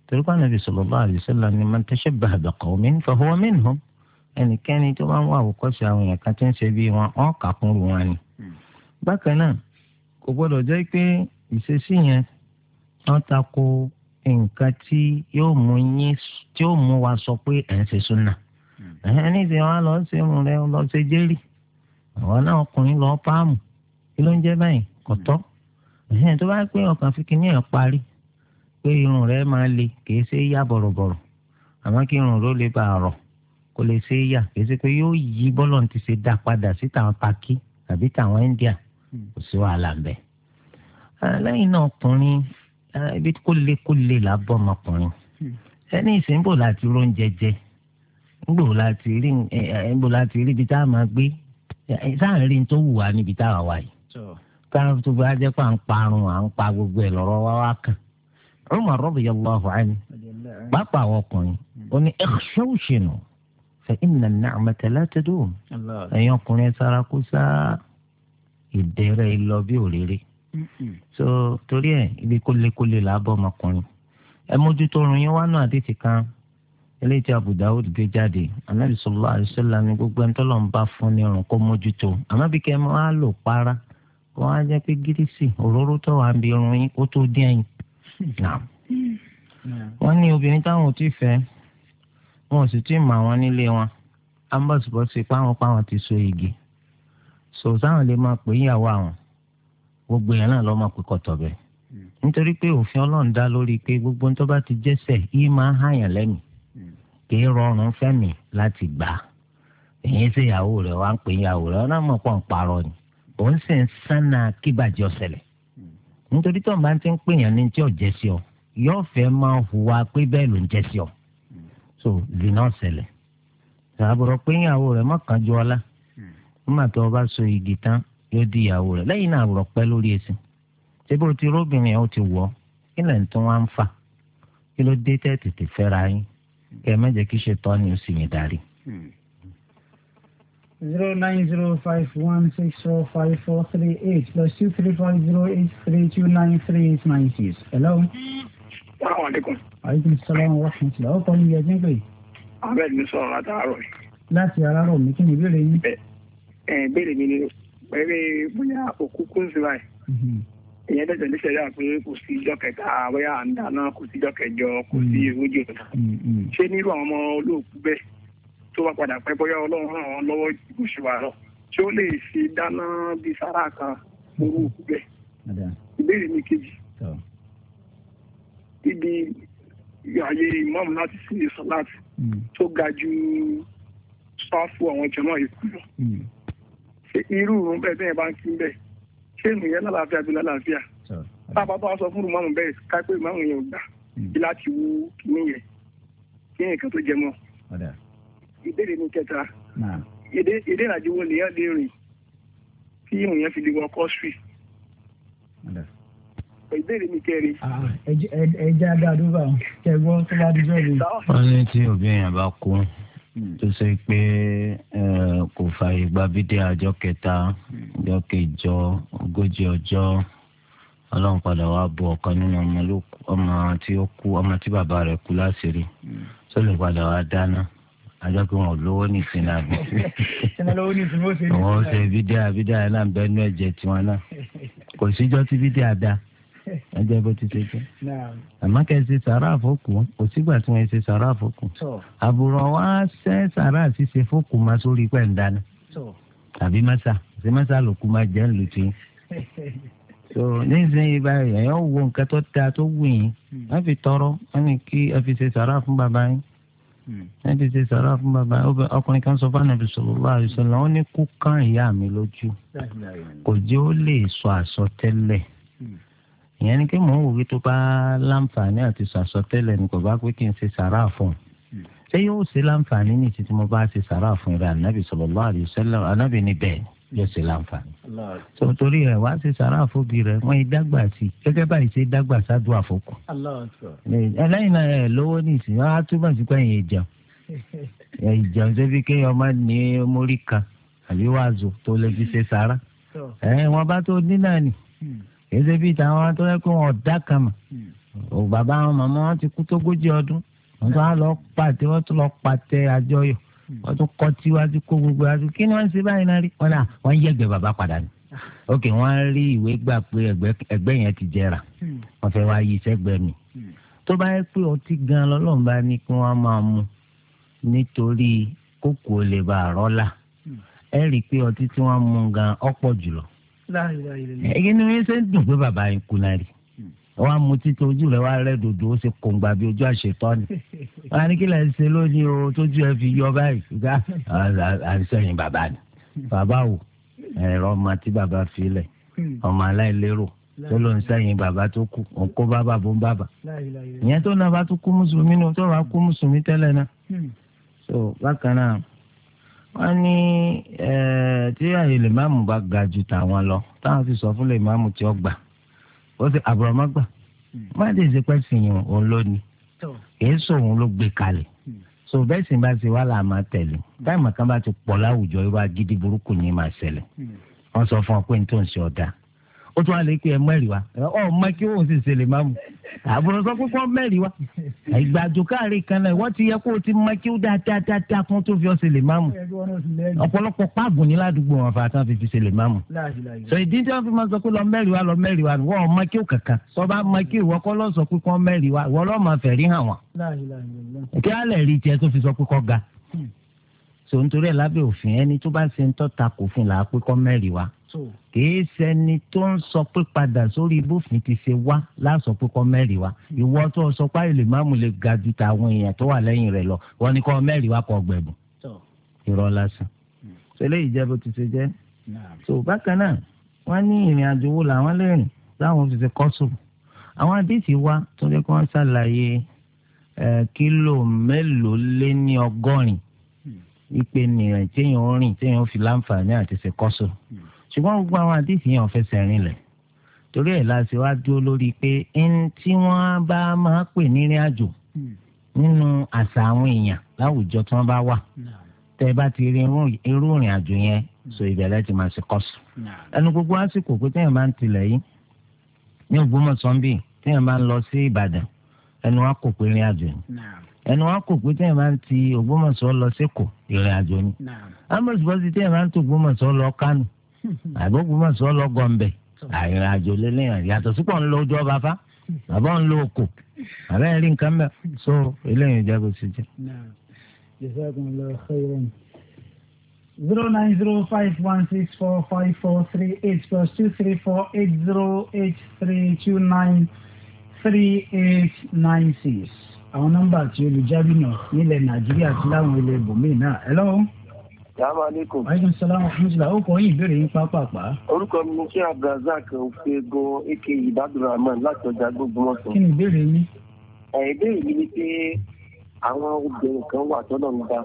S3: torí pé ànábì sallallahu alaihi wasallam ni man tashabbaha bi qawmin fahuwa minhum ẹnikẹ́ni tó bá ń wá àwòkọ́ṣe àwọn èèyàn kan tí ń ṣe bí wọn ọ́n kà kún rù wọn ni. bákan náà kò gbọ́dọ̀ jẹ́ pé ìṣesí yẹn wọ́n ta ko nǹkan tí yóò mú yín tí yóò mú wa sọ pé ẹ̀ ń ṣe súnà. ẹni tí wọn lọ ṣe mú rẹ lọ ṣe jẹ́rì àwọn náà ọkùnrin lọ páàmù kí ló ń jẹ́ báyìí kọ̀tọ́ ẹ̀hìn tó bá pé ọkàn fi kíní ẹ̀ parí pé irun rẹ̀ máa le kìí ṣe é yá bọ̀rọ̀bọ̀rọ̀ àmọ́ kí irun rẹ̀ ó lè bá a rọ̀ kó lè ṣe é yá kìí ṣe pé yóò yí bọ́lọ̀ ti ṣe dá padà sí tàwọn paki tàbí tàwọn India kò sí wàhálà ń bẹ̀. lẹ́yìn náà ọkùnrin ibi kó le kó le là bọ́ ọmọkùnrin ẹni ìsìnbó láti róúnjẹ jẹ ńgbò láti rí ibi tá a máa gbé sáà rí tó wù wá níbi tá a wà yìí káàrún tó bá jẹ́ pé à ń parun à ń pa gbogbo ẹ̀ lọ́rọ́ wá wá kàn Umar radiyallahu anhu pápá àwọn ọkùnrin ó ní ikhshawshinu fa inna an-ni'mata la tadum ẹ̀yin ọkùnrin sára kó sá ìdẹ́rẹ́ ìlọ bí òréré so torí ẹ̀ ibi kólékólé là á bọ́ ọmọkùnrin ẹ mójútó orun yín wá náà àdìtì kan eléyìí tí Abu Dawud gbé jáde Ànábì sallallahu alaihi wasallam ni gbogbo ẹni tọ́lọ́ ń bá fún ní irun kó mójútó àmọ́ bí kẹ́ ẹ máa lò para. kó á jẹ́ pé gírísì òróró tó wà ń bi irun yín ó tó dín ẹ̀yìn. wọ́n ní obìnrin táwọn ò tí fẹ́ wọn ò sì tí ì mọ àwọn nílé wọn ambọ̀sibọ̀sì páwọn páwọn ti so igi sọ sáwọn lè máa pè ìyàwó àwọn gbogbo yẹn náà lọ máa pè kọ̀tọ̀ bẹ́ẹ̀ nítorí pé òfin ọlọ́run dá lórí pé gbogbo tó bá ti jẹ́sẹ̀ yìí máa ń hàyàn lẹ́mìí kì í rọrùn fẹ́mi láti gbà èyí ṣèyàwó rẹ̀ wá ń pè ìyàwó rẹ̀ ọ̀nà mọ̀ pọ̀ ń parọ́ ni. òun sì ń sánà kíbàjẹ́ ọ̀sẹ̀lẹ̀ nítorí tó ń bá ti ń pèèyàn ní tí ò ọ yóò fẹ́ máa hùwà pé bẹ́ẹ̀ ló ń so zina ọ̀sẹ̀lẹ̀ sàbùrọ̀ pé ìyàwó rẹ̀ mọ̀kànjú ọlá nígbà tó o bá so igi tán yóò di ìyàwó rẹ̀ lẹ́yìn náà pẹ́ lórí ṣé bó ti róbìnrin ti wọ̀ kí lẹ́yìn tó wá ń fà kí ló dé tẹ́ ni ó sì
S2: zero nine zero five one six four five four three eight plus two three five zero eight three two nine three eight nine six. hello. salaamaleykum. aleykum salaam wa rahmatulah. ọkọ mi yẹ jẹ́ pé.
S6: abẹ́ẹ̀ mi sọ̀rọ̀
S5: láti àárọ̀ yìí.
S2: láti àárọ̀ mi kí ni ìbéèrè yín.
S5: ẹ
S6: ẹ ìbéèrè mi ni pẹ̀lú bóyá òkú kúńsì báyìí. Mm-hmm. ìyẹn tẹ̀sẹ̀ ní sẹ́yà pé kò sí ijọ́ kẹta bóyá à ń dáná kò sí ijọ́ kẹjọ kò sí mm-hmm. ìrújò. Mm-hmm. ṣé nírú àwọn ọmọ olóòkú bẹ́ẹ̀ tó bá padà pẹ́ bóyá ọlọ́run ràn wọ́n lọ́wọ́ bó ṣe wà lọ tí ó lè fi dáná bíi sára kan lórí òkú bẹ́ẹ̀. ìbéèrè mi kejì ibi ààyè ìmọ̀mù láti sí ìsọ̀láàtì hmm. tó ga ju sáfù àwọn jọmọ́ ìkú lọ. Hmm. ṣé irú òun bẹ́ẹ̀ bẹ́ẹ̀ bá ń kí bẹ́ẹ̀ ṣé ènìyàn lálàáfíà bí lálàáfíà bàbá bá sọ fún ìmọ̀mù bẹ́ẹ̀ kápẹ́ ìmọ̀mù yẹn ò gbà bí hmm. láti wú kí nìyẹn kí nìkan tó jẹ mọ́ ìbéèrè mi kẹta èdè ìrìnàjò wo nìyẹn lè rìn tí ìmùyẹn fi lè wọ kọ́sìrì
S2: ìbéèrè mi kẹrin. Ah, ẹ jẹ́ adáadúrà kẹ gbọ́ tó bá dijọ́ mi.
S3: wọ́n ní tí obìnrin yẹn bá kú hmm. tó ṣe pé kò fààyè gba bídé àjọ kẹta àjọ hmm. kẹjọ ogójì ọjọ́ ọlọ́run padà wá bu ọ̀kan nínú ọmọ tí ó kú ọmọ tí bàbá rẹ̀ kú láṣìírí tó hmm. lè padà wá dáná ajọ́ pé wọn ò lówó ní ìsinmi àbí.
S4: wọ́n ṣe bídíà
S3: bídíà náà ń bẹ nú ẹ̀jẹ̀ tiwọn náà kò síjọ́ tí bídíà dá ẹjẹ bó ti ṣe jẹ. àmọ́ kẹ́ ẹ ṣe sàrà àfọ́kù kò sígbà tí wọ́n ṣe sàrà àfọ́kù. àbùrọ̀ wa ṣe sàrà ṣíṣe fọ́kù máa sórí pẹ̀ ń dáná. tàbí mẹ́sà ṣe mẹ́sà ló kú máa jẹ́ ńlù tí. nísìnyí báyìí ẹ̀yàn wo nǹkan tó ta tó wù yín wọ́n hmm. fi tọrọ wọ́n ní kí ẹ fi ṣe sàrà fún bàbá yín ẹni tí sara fún bàbá ọkùnrin kan sọ fún anabi sallallahu alaihi wasallam ó ní kú kán ìyá mi lójú kò jẹ́ ó lè sọ àsọtẹ́lẹ̀ ìyẹn ni kí mò ń wòye tó bá láǹfààní àti sọ àsọtẹ́lẹ̀ ni kò bá pé kí n ṣe sara fún un ṣé yóò ṣe láǹfààní ní ìsìn tí mo bá ṣe sara fún ìrẹ anabi sallallahu alaihi wasallam anabi ni bẹ́ẹ̀ ni yóò ṣe láǹfààní. sọ̀tọ́rí rẹ̀ wá sí sàrà àfọ́bì rẹ̀ wọ́n yí dágbà sí i gẹ́gẹ́ báyìí ṣe dágbà sádùn àfọ́kù. ẹlẹ́yìn náà ẹ̀ lówó ní ìsìn wọn á túbọ̀ sí pẹ́yìn ìjẹun ìjẹun débi kéèyàn má ní mórí kan àbí wàzù tó lè fi ṣe sàrà. wọ́n bá tó ní náà nì èsè bíi táwọn tó yẹ kó wọn dá kan mà bàbá àwọn màmá wọn ti kú tó gójì ọdún wọn tó lọ pàtẹ wọn tó lọ pàtẹ àjọyọ̀ wọ́n tún kọ́ tíwájú kó gbogbo wájú kí ni wọ́n ń ṣe báyìí náà rí. wọ́n náà wọ́n ń yẹ̀gbẹ́ bàbá padà ni hmm. ok wọ́n rí ìwé gbà pé ẹgbẹ́ yẹn ti jẹrà hmm. wọ́n fẹ́ wá yí sẹ́gbẹ́ mi hmm. tó bá yẹ pé ọtí gan lọ́lọ́run bá ní kí wọ́n máa mu nítorí kókò lè bá rọ́lá ẹ rí i pé ọtí tí wọ́n mu gan ọ̀pọ̀ jùlọ. ẹ̀yin ni wọ́n ṣe ń dùn pé bàbá yẹn kú náà rí wọ́n á mu títí ojú rẹ̀ wá rẹ́ dòdò ó ṣe kòǹgbà wọn á ní kí lè ṣe lónìí o tójú ẹ fi yọ báyìí ṣùgbọ́n à ń sẹ́yìn bàbá ni bàbá wò ẹ̀rọ ọmọ tí bàbá fi lẹ̀ ọmọ aláìlérò tó ló ń sẹ́yìn bàbá tó kú òǹkó bàbá bó ń bàbá ìyẹn tó náà bá tó kú mùsùlùmí ni tó bá kú mùsùlùmí tẹ́lẹ̀ náà so bákan náà wọ́n ní tí àyè lè máàmù bá ga ju tàwọn lọ táwọn fi sọ fún lè máàmù tí ó gbà ó sì àbúrò má gbà má dé ìsepẹ́ sìn yín òun lónìí kìí sòun ló gbé kalẹ̀ so bẹ́ẹ̀ sì bá ṣe wá là máa tẹ̀lé táìmù kan bá ti pọ̀ láwùjọ irú agídí burúkú ni máa ṣẹlẹ̀ wọ́n sọ fún ọ pé n tó ń ṣe ọ̀dà ó tún wá lè pe ẹ mẹ́rin wa ọ mọ kí òun sì ṣe lè máa mú àbúrò sọ pé kọ́ mẹ́rin wa ìgbàjò káàrin kan náà wọ́n ti yẹ kó o ti mọ kí ó dáadáa kún tó fi ọ ṣe lè máa mú ọ̀pọ̀lọpọ̀ páàgùn ní ládùúgbò wọn fà tán fi fi ṣe lè máa mú. sọ ìdí tí wọ́n fi máa sọ pé lọ mẹ́rin wa lọ mẹ́rin wa wọ́n mọ kí ó kankan sọ bá mọ kí ìwọ kọ́ lọ sọ pé kọ́ mẹ́rin wa ìwọ lọ́ọ́ máa fẹ̀rí hàn wọ́n. kí òfin ẹni tó bá ṣe ń tọ́ ta kò fún làá pé kọ́ mẹ́rin wa kìí ṣẹni tó ń sọ pé padà sórí bófin ti ṣe wá láṣọ pé kọ́ mẹ́rin wa ìwọ tó sọ pé àìlè máàmù lè ga ju tàwọn èèyàn tó wà lẹ́yìn rẹ̀ lọ wọ́n ní kọ́ mẹ́rin wa kọ́ gbẹ̀bùn irọ́ lásán ṣẹlẹ̀ hmm. ìjẹ́ bó ti ṣe jẹ́ tó bákan náà wọ́n ní ìrìn àjò wo làwọn lẹ́rìn láwọn fi ṣe kọ́sùn àwọn àdéhìí wa tó jẹ́ kí wọ́n ṣàlàyé kílò mélòó lé ní ọgọ́rin hmm. wípé nìyẹn téèyàn ń rìn téèyàn fi láǹfààní àti ṣe kọ́sùn. Hmm ṣùgbọ́n gbogbo àwọn àdéhìí yẹn ò fẹsẹ̀ rinlẹ̀ torí ẹ̀ la ṣe wá dúró lórí pé ẹni tí wọ́n bá máa pè nírìn àjò nínú àṣà àwọn èèyàn láwùjọ tí wọ́n bá wà tẹ́ bá ti rí irú ìrìn àjò yẹn so ìbẹ̀rẹ̀ ti máa ṣe kọ́sù. ẹnu gbogbo àsìkò pé téèyàn bá ń tilẹ̀ yìí ní Ògbómọ̀ṣọ́ ń bì téèyàn bá ń lọ sí Ìbàdàn ẹnu wa kò pé ìrìn àjò yìí ẹnu wa kò pé téèyàn bá ń ti Ògbómọ̀ṣọ́ lọ sí Èkó ìrìn àjò yìí. ambrose bọ́sì téèyàn bá ń tó Ògbómọ̀ṣọ́ lọ Kánò àgbógunmọ̀sọ́ lọ́gọ́n bẹ̀ àìrìn àjò lélẹ́yìn yàtọ̀ sípò ń lo ojú ọba fa bàbá hmm. ń lo òkò àbẹ́ rí nǹkan bẹ́ẹ̀ hmm. so eléyìí jẹ́ kó sì jẹ́.
S2: zero nine zero five one six four five four three eight plus two three four eight zero eight three two nine three eight nine six àwọn nọ́mbà tí olùjábí náà nílẹ̀ nàìjíríà ti láwọn ilẹ̀ ibòmíì náà ẹ lọ́wọ́. Assalamu alaikum. Aleykum salaam wa rahmatulah. Ó kọ yín ìbéèrè yín pápápá. Orúkọ
S7: mi ni Ṣé Abdulrasaq Ofego Eke Ibadurahman láti ọjà gbogbo wọn sọ.
S5: Kí ni ìbéèrè yín?
S7: Ìbéèrè mi ni pé àwọn obìnrin kan wà tọ́nà ń da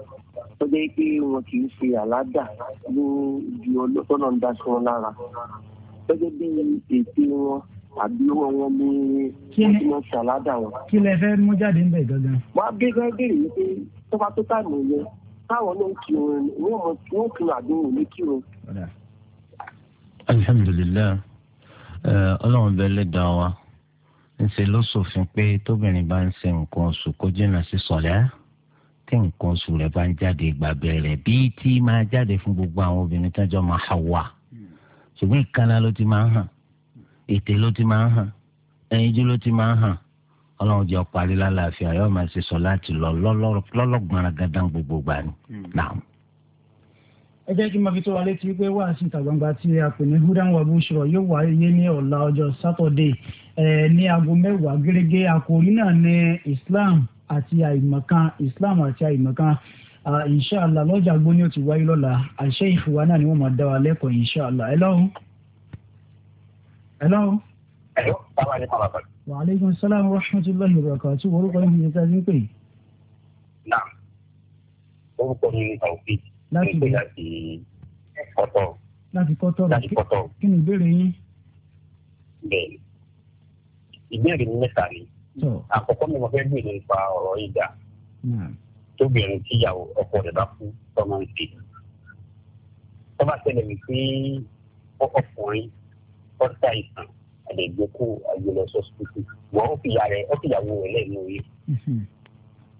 S7: tó jẹ́ pé wọn kì í ṣe àládà ní ibi tọ́nà ń da sí wọn lára. Gẹ́gẹ́ bí ète wọn àbí wọn wọn ní wọ́n ti mọ ṣàládà wọn. Kí
S2: lẹ fẹ́ mú jáde ń bẹ̀ gangan? Wọ́n á gbé gbẹ́gbẹ́ yìí
S7: pé tó bá tó tà nìyẹn táwọn ló ń kírun wọn mọ tí wọn kírun àdéhùn ní kírun.
S3: alhamdulilayi ọlọ́run bẹ́ẹ̀ lè dá wa ńṣe ló ṣòfin pé tóbìnrin bá ń ṣe nǹkan oṣù kó jìnnà sí sọ̀lẹ́ tí nǹkan oṣù rẹ̀ bá ń jáde gbàgbé rẹ̀ bíi tí máa jáde fún gbogbo àwọn obìnrin tọ́jọ́ máa hà wà ṣùgbọ́n ìkànnà ló ti máa hàn ètè ló ti máa hàn ẹyinjú ló ti máa hàn ọlọ́run jẹ́ parí lálàáfíà yóò máa ṣe sọ láti lọ lọ́lọ́gbọ̀nra gàdán gbogbo gbà ni. Hmm.
S2: ẹ jẹ́ kí n máa fi tó wa létí pé wàásù ìta gbangba tí a pè ní húdà wà búṣọ yóò wáyé ní ọ̀la ọjọ́ sátọ̀dé ní aago mẹ́wàá gẹ́gẹ́ àkòrí náà ní Islam àti àìmọ̀kan Islam àti àìmọ̀kan inṣàlá lọ́jà gbóni ó ti wáyé lọ́la àṣẹ ìfowó náà ni wọ́n máa dá wa lẹ́kọ̀ọ́ inṣàlá ẹ lọ́hùn. ẹ lọ́hùn.
S7: ẹ lọ́hùn
S2: wa aleykum salaam wa rahmatulahi wa barakatuh orúkọ yìí ni ìta ti ń pè.
S7: nà orúkọ mi ni taofik láti pè láti kọtọ. láti kọtọ láti kọtọ
S2: kí ni ìbéèrè yín.
S7: bẹ́ẹ̀ ni àkọ́kọ́ mi mo fẹ́ béèrè nípa ọ̀rọ̀ ìjà tóbìnrin tíyàwó ọkọ rẹ̀ bá kú tọmọ ń fi tọ́ba tẹ̀lé mi pé ọkùnrin ọ̀sà ìsàn àdègbèkú àgbélọsọ sùkúrù wọn ó fìyà rẹ ó fìyàwó rẹ lẹ́yìn òye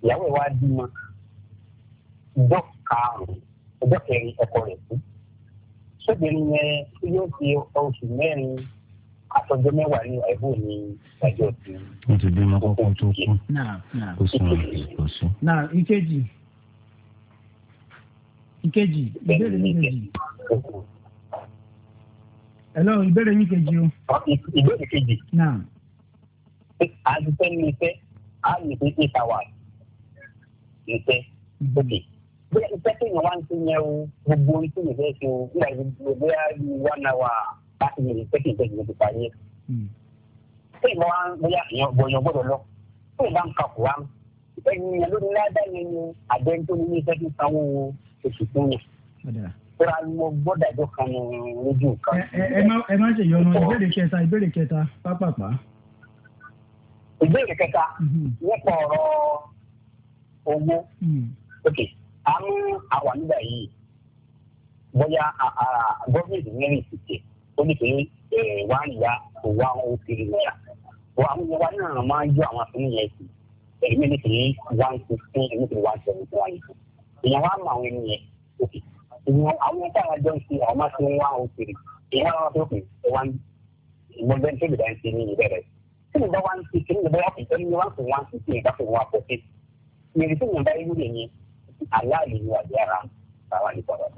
S7: ìyàwó ẹ mm-hmm. wá bímọ ọjọ́ karùnún ọjọ́ kẹrin ọkọ rẹ kú sóbìnrin yẹn yóò fi oṣù mẹ́rin àtọjọ́ mẹ́wàá ní ẹbú ní ẹjọ́ ti.
S4: wọn ti bímọ tó kú kó sùn kó sùn.
S5: náà ìkejì ìkejì ìbéèrè ní ìkejì hello ìbéèrè yín kejì o. ìbéèrè kejì. náà. àdùpẹ́ ní
S7: iṣẹ́ á lè fi eight hours iṣẹ́ òkè. bóyá iṣẹ́ tí èèyàn wá ń ti yẹn o gbogbo ohun tí èèyàn fẹ́ ṣe o nígbà gbogbo bóyá bí one hour láti lè fẹ́ kí ìṣẹ́ ìṣẹ́ ti parí. tí èèyàn wá bóyá èèyàn gbọ̀yàn gbọ́dọ̀ lọ tí èèyàn bá ń kakù wá ènìyàn ló ní ládàá yẹn ni àjẹ́ńtó ní iṣẹ́ ti sanwó oṣù fún ra mo gbọ́dọ̀ àjọ kan ní ojú kan. ẹ má ẹ má ṣe yọnu ìbéèrè
S2: kẹta ìbéèrè kẹta pápápá. ìbéèrè kẹta mhm.
S7: nípa ọ̀rọ̀ owó hmm. ok àmú àwa nígbà yìí bóyá gọ́ọ̀mẹ̀ntì mẹ́rin ti tẹ̀ ó ní pé wà á yá owó àwọn òkèèrè náírà wà á wà náà máa ń yọ àwọn àfihàn sí èmi ní pé one fifteen ní pé one seventy one ìyẹn wà á mọ àwọn ènìyàn ok ìwọ̀n àwọn tá a jọ ń ṣe àwọn máa fi ń wá àwọn òkèrè ìyá wọn tó kù wọn ìwọ̀n bẹ́ẹ̀ tó lè dá ń ní ìbẹ̀rẹ̀ tí mo bá wá ń ṣe kí mo bá wá fún ẹni wá fún wá fún kí n fún wá fún kí mèrè tí mo bá yí lè yẹn aláàlè ni wàá
S4: yára báwa ní bọ̀dọ̀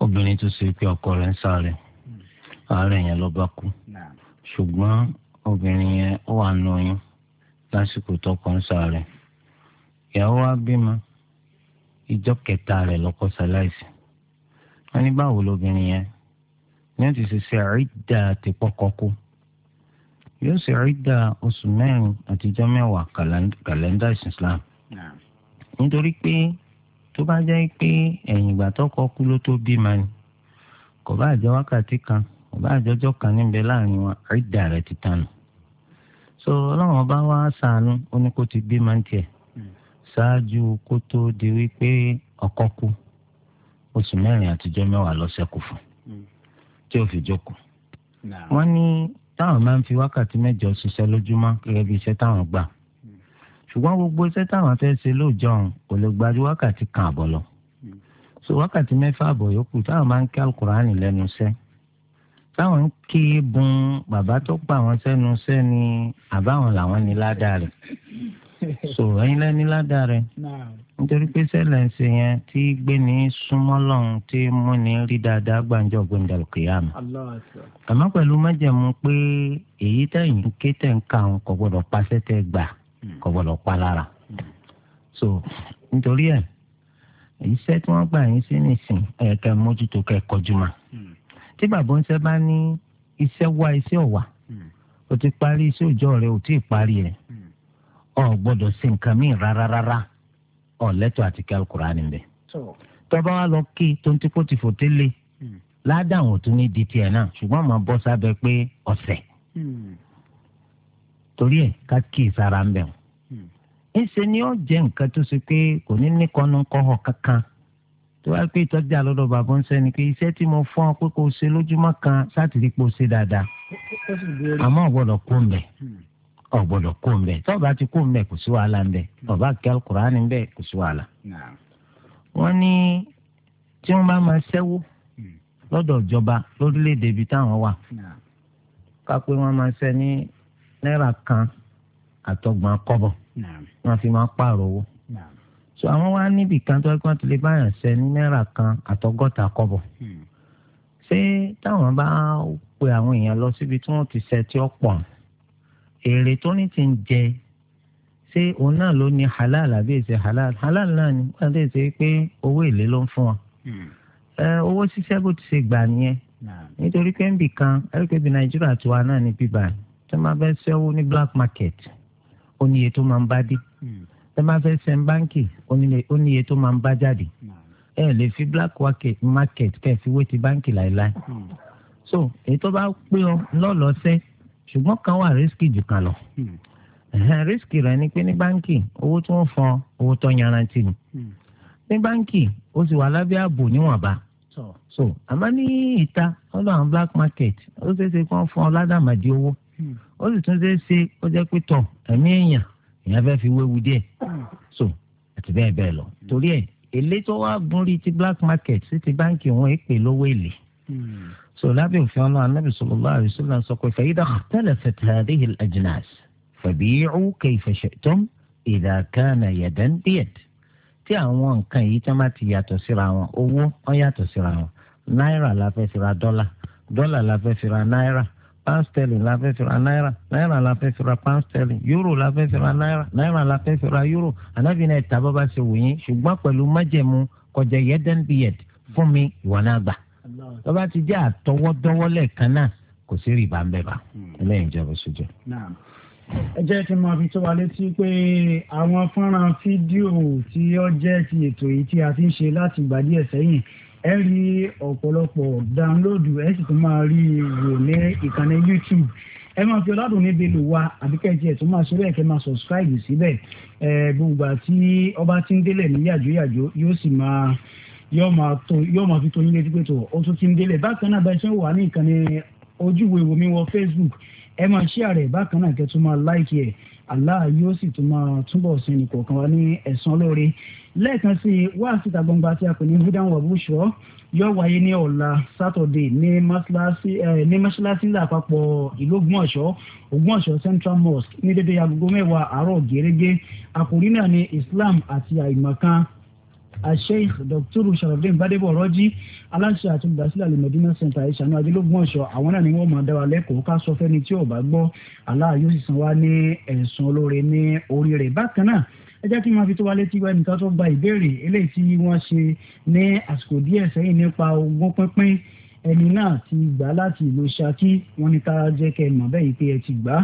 S3: obìnrin tó ṣe pé ọkọ rẹ̀ ń sáré àárẹ̀ yẹn ló bá kú ṣùgbọ́n obìnrin yẹn ó wà lóyún lásìkò tọkọ ń sáré ìyàwó wa bímọ. ìjọ kẹta rẹ lọ́kọ ṣaláìsí wọn ní báwo lobìnrin yẹn ní ti ṣe ṣe àrídà ti yóò ṣe àrídà oṣù mẹ́rin islam nítorí pé tó bá jẹ́ pé ẹ̀yìn ìgbà tọ́kọ kú ló tó kọbaa ni kò bá àjọ wákàtí kan kò ti so ọlọ́run ọba wa ṣàánú ó ní kó ti tiẹ̀ ṣáájú kó tó di wípé ọkọ kú oṣù mẹ́rin àtijọ́ mẹ́wàá ló ṣẹ́kù fún tí ó fi jókòó. wọ́n ní táwọn máa ń fi wákàtí mẹ́jọ ṣiṣẹ́ lójúmọ́ gẹ́gẹ́ bí iṣẹ́ táwọn gbà ṣùgbọ́n gbogbo iṣẹ́ táwọn fẹ́ ṣe lóòjọ́ ọ̀hún kò lè gbajú wákàtí kan àbọ̀ lọ. so wákàtí mẹ́fà àbọ̀ yòókù táwọn máa ń kí alukur'ani lẹ́nu iṣẹ́ táwọn ń ké bun bàbá tó pa àwọn sẹ́nu iṣẹ́ ni àbáwọn làwọn ní ládàá rẹ̀ so ẹ̀yin lẹni ládàá rẹ nítorí pé sẹlẹ ń ṣe yẹn tí gbéni súnmọ́ lọ́hùn tí múni rí dáadáa gbàǹjọ gbẹndàlùkìyàmù àmọ́ pẹ̀lú májẹ̀mú pé èyí tẹ̀yìn ké tẹ̀ ń kà ń kò gbọ́dọ̀ paṣẹ tẹ gbà hmm. kò gbọ́dọ̀ pa lára hmm. so nítorí ẹ iṣẹ́ tí wọ́n gbà yín sí nìsín ẹkẹ mójútó kẹ kọjúmọ́ hmm. tí bàbá oúnjẹ bá ní iṣẹ́ wá iṣẹ́ ọwà o ti parí iṣẹ́ òòjọ́ rẹ o ti parí rẹ ọ gbọdọ ṣe nǹkan míì rárá rárá ọ lẹtọ àti kí alukurani ń lọ kí tonti kó ti fòté le ní di náà ṣùgbọ́n màá bọ́ sábẹ́ pé hmm. torí ẹ̀ ká kí ìsara ń hmm. ńṣe ni ó nǹkan tó ṣe pé kò ní kankan tó wá pé ìtọ́jà lọ́dọ̀ bàbá ń sẹ́ni pé iṣẹ́ tí mo ọ pé kò pé ṣe dáadáa àmọ́ ọ̀gbọ́dọ̀ kó ń bẹ̀. Hmm. ọ̀gbọ́dọ̀ kó ń bẹ̀ tọ́ba ti kó ń bẹ̀ kò sí wàhálà ń bẹ̀ ọba kí alukur'ani ń bẹ̀ kò sí wàhálà. wọ́n ní tí wọ́n bá máa ṣẹ́wó hmm. lọ́dọ̀ ìjọba lórílẹ̀ ibi táwọn wà ká pé wọ́n máa ṣẹ́ ní náírà kan àtọgbọ̀n kọ́bọ̀ wọ́n fi máa pààrọ̀ owó. so àwọn wá níbi kan tó ẹgbẹ́ tó lè báyàn ṣẹ́ ní náírà kan àtọgọ́ta kọ́bọ̀ hmm. ṣé táwọn bá pe àwọn èèyàn lọ síbi tí wọ́n ti ṣẹ́ tí ó pọ̀ ọ́n èrè tó ní ti ń jẹ ṣé òun náà ló ní halal àbí èsè halal halal náà ni wọ́n lè ṣe pé owó èlé ló ń fún wa hmm. owó ṣiṣẹ́ bó ti ṣe gbà nìyẹn nítorí pé ń bì kan ẹ̀rọ̀kẹ́bì nàìjíríà tiwa náà ní bíbá tó máa fẹ́ ṣẹ́wó ní black market ó ní iye tó máa ń bá dé hmm. tó máa fẹ́ ṣẹ́ báńkì ó ní iye tó máa ń bá jáde ẹ lè fi black market kẹ́ ẹ fi wé ti báńkì láéláé hmm. so èyí tó bá pé ọ lọ́lọ́sẹ́ ṣùgbọ́n kan wà rísíkì jù kan lọ hmm. rísíkì rẹ ni pé ní báńkì owó tí wọ́n fọn owó tó yanrantí ni hmm. ní báńkì ó sì wà lábẹ́ ààbò níwọ̀nba so àmọ́ ní ìta ọ̀dọ̀ àwọn black market ó ṣeé ṣe kó fọn ládàmàdì owó hmm. ó sì tún ṣeé ṣe ó jẹ́ pé tọ̀ ẹ̀mí èèyàn èèyàn fẹ́ fi wéwu díẹ̀ so àti bẹ́ẹ̀ bẹ́ẹ̀ lọ torí ẹ̀ èlé tó wá gún ti black market sí ti báńkì wọn èpè lówó èlé sọlábì nfin ọmọ anabi sallallahu alaihi wasallam sọ pé fa'idha ikhtalafat hadhihi al-ajnas fabi'u kayfa shi'tum idha kana yadan biyad tí àwọn nǹkan yìí tí wọ́n bá ti yàtọ̀ síra wọn owó wọn yàtọ̀ síra wọn náírà la dọ́là dọ́là la náírà pound sterling náírà náírà la fẹ́ fira pound náírà náírà la fẹ́ fira náà ìta bàbá ṣe wò ṣùgbọ́n pẹ̀lú májẹ̀mú kọjá yẹ́dẹ́n bíyẹ̀d fún mi ìwà náà gbà tó bá ti jẹ́ àtọwọ́dọ́wọ́ lẹ́ẹ̀kan náà kò sí rìbá ń bẹ̀ bá ẹlẹ́yìn ìjọba sójú.
S2: ẹ jẹ́ kí n máa fi tó wa létí pé àwọn fọ́nrán fídíò tí ó jẹ́ ti ètò yìí tí a ti ń ṣe láti ìgbà díẹ̀ sẹ́yìn ẹ rí ọ̀pọ̀lọpọ̀ dáńlódù ẹ sì tún máa rí wò ní ìkànnì YouTube ẹ máa fi ọlọ́dún níbi lò wá àbíkẹ́jì ẹ̀ tó máa ṣeré ẹ̀kẹ́ máa subscribe síbẹ̀ gbogbo àti ọba tí ń délẹ̀ ní yàjóyàjó yóò sì máa yóò máa fi tóyún létí pé tó o tún ti ń délẹ̀ bákan náà bẹ́ẹ̀ ṣe wà ní ìkànnì ojúwe wo mi wọ Facebook ẹ máa share rẹ̀ bákan náà kẹ́ tún máa like ẹ̀ Allah yóò sì tún máa túbọ̀ sin nìkọ̀ọ̀kan wa ní ẹ̀san lóore lẹ́ẹ̀kan sí wáàsí ìta gbangba tí a pè ní hudan wabushọ yóò wáyé ní ọ̀la sátọ̀dé ní mọ́ṣáláṣí lápapọ̀ ìlú ògbómọ̀ṣọ́ ògbómọ̀ṣọ́ central mosque ní dédé agogo mẹ́wàá àárọ̀ gẹ́gẹ́ àkòrí náà ní Islam àti àìmọ̀kan asheikh dr sharafdin gbadebo ọrọjí aláṣẹ àti olùdásílẹ̀ alimọdúnà center ìṣànú adélógún ọ̀ṣọ́ àwọn náà ni wọ́n máa dá wa lẹ́kọ̀ọ́ ká sọ fẹ́ni tí ò bá gbọ́ aláà yóò sì san wá ní ẹ̀sùn olóore ní orí rẹ̀ bákan náà ẹ jẹ́ kí n máa fi tó wa létí wa ẹnìkan tó gba ìbéèrè eléyìí tí wọ́n ṣe ní àsìkò díẹ̀ sẹ́yìn nípa ogún pínpín ẹni náà ti gbà láti ìlú Ṣakí wọn ní kára jẹ́ kẹ́ ẹ mọ̀ bẹ́ẹ̀ yìí pé ẹ ti gbà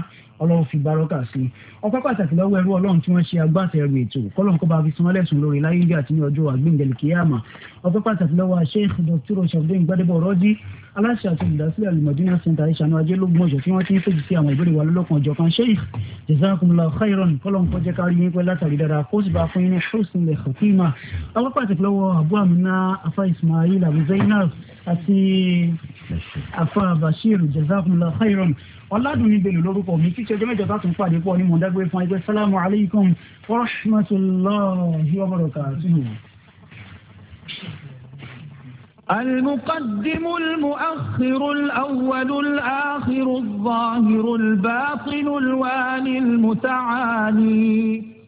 S2: ọlọ́run fi bárọ́kà sí i ọpẹ́ pàtàkì lọ́wọ́ ẹrú ọlọ́run tí wọ́n ṣe agbátẹrù ètò kọ́lọ́n kó bá fi san ẹlẹ́sùn lórí láyé bí àti ní ọjọ́ àgbéǹdẹ̀lì kíyàmà ọpẹ́ pàtàkì lọ́wọ́ Sheikh Dr. Shavdeen Gbadebo Rọ́jí aláṣẹ àti olùdásílẹ̀ alimọ̀dínà center ìṣànú ajé lógún ọ̀ṣọ́ tí wọ́n ti ń fèjì sí àwọn ìbéèrè wa lọ́lọ́kan ọjọ́ kan Sheikh jazakumullahu khairan kọ́lọ́n kó kárí yín pẹ́ látàrí dára kó fún yín ní husnul khatima àti afa bashir jazakumullahu khairan ọ̀làdùnní bẹ̀rù lórúkọ mi títí ọjọ́ mẹ́jọ tààtún pàdé pọ̀ ní mọ̀dágbé fún ẹgbẹ́ sálámù alaykum wa rahmatullahi wa
S1: barakatuhu. المقدم المؤخر الأول الآخر الظاهر الباطن الوالي المتعالي